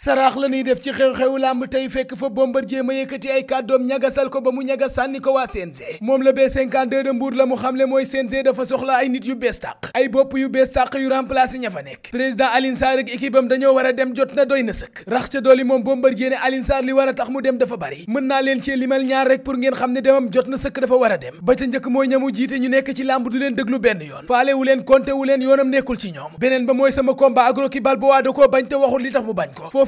saraax la ñuy def ci xew xew làmb tey fekk fa Bombardier ma yëkkati ay kàddoom ñagasal ko ba mu ñagas sànni ko waa CNG moom la B52 de Mbour la mu ne mooy CNG dafa soxla ay nit yu bees tàq ay bopp yu bees tàq yu remplacé ña fa nekk président Alioune Sarr ak dañoo war a dem jot na doy na sëkk rax ca dooli moom Bombardier ne Alioune Sarr li war a tax mu dem dafa bari mën naa leen ci limal ñaar rek pour ngeen xam ne demam jot na sëkk dafa war a dem mooy ñamu jiite ñu nekk ci làmb du leen déglu benn yoon faale wu leen compté wu leen yoonam nekkul ci ñoom beneen ba mooy sama combat ak Rocky Balboa da koo bañ te waxul li tax mu bañ ko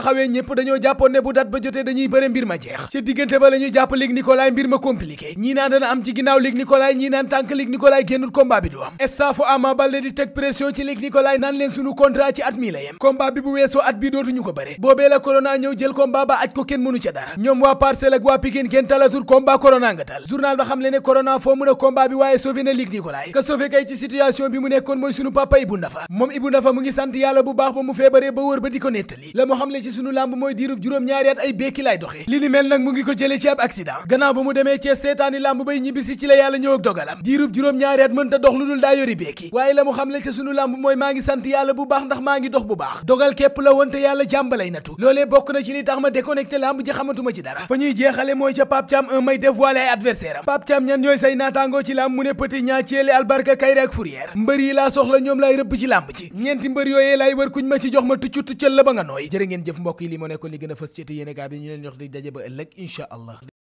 taxawee ñëpp dañoo jàppoon ne bu date ba jotee dañuy bëre mbir ma jeex ca diggante ba la jàpp Luc Nicolaï mbir ma compliqué ñii naan dana am ci ginnaaw Luc Nicolaï ñii naan tànk Luc Nicolaï génnul combat bi du am estaafu Ama Baldé di teg pression ci Luc Nicolaï naan leen sunu contrat ci at mi la yem combat bi bu weesoo at bi dootuñu ko bëre boobee la ñëw jël combat ba aj ko kenn mënu ca dara ñoom waa Parcelles ak waa Pikine a sunu làmb mooy diirub juróom-ñaari at ay béeki lay doxee li ni mel nag mu ngi ko jële ci ab accident gannaaw ba mu demee Cees seetaani làmb bay ñibbisi ci la yàlla ñëw ak dogalam diirub juróom-ñaari at mënta dox lu dul daa yori béeki waaye la mu xamle ci sunu làmb mooy maa ngi sant yàlla bu baax ndax maa ngi dox bu baax dogal képp la wonte yàlla jàmbalay natu loolee bokk na ci li tax ma déconnecté làmb ji xamatuma ci dara fa ñuy jeexale mooy ca Pape Thiam 1 say naataangoo ci làmb mu ne Petit Niang Thielé Albarka Kayré ak Fourière mbër yi laa soxla ñoom laay rëbb ci ma ci jox ma tuccu la ba nga nooy jërëjëf mbokk yi li moo nekkoon li gën a fës ci yéenekaay bi ñu leen jox di daje ba ëllëg incha allah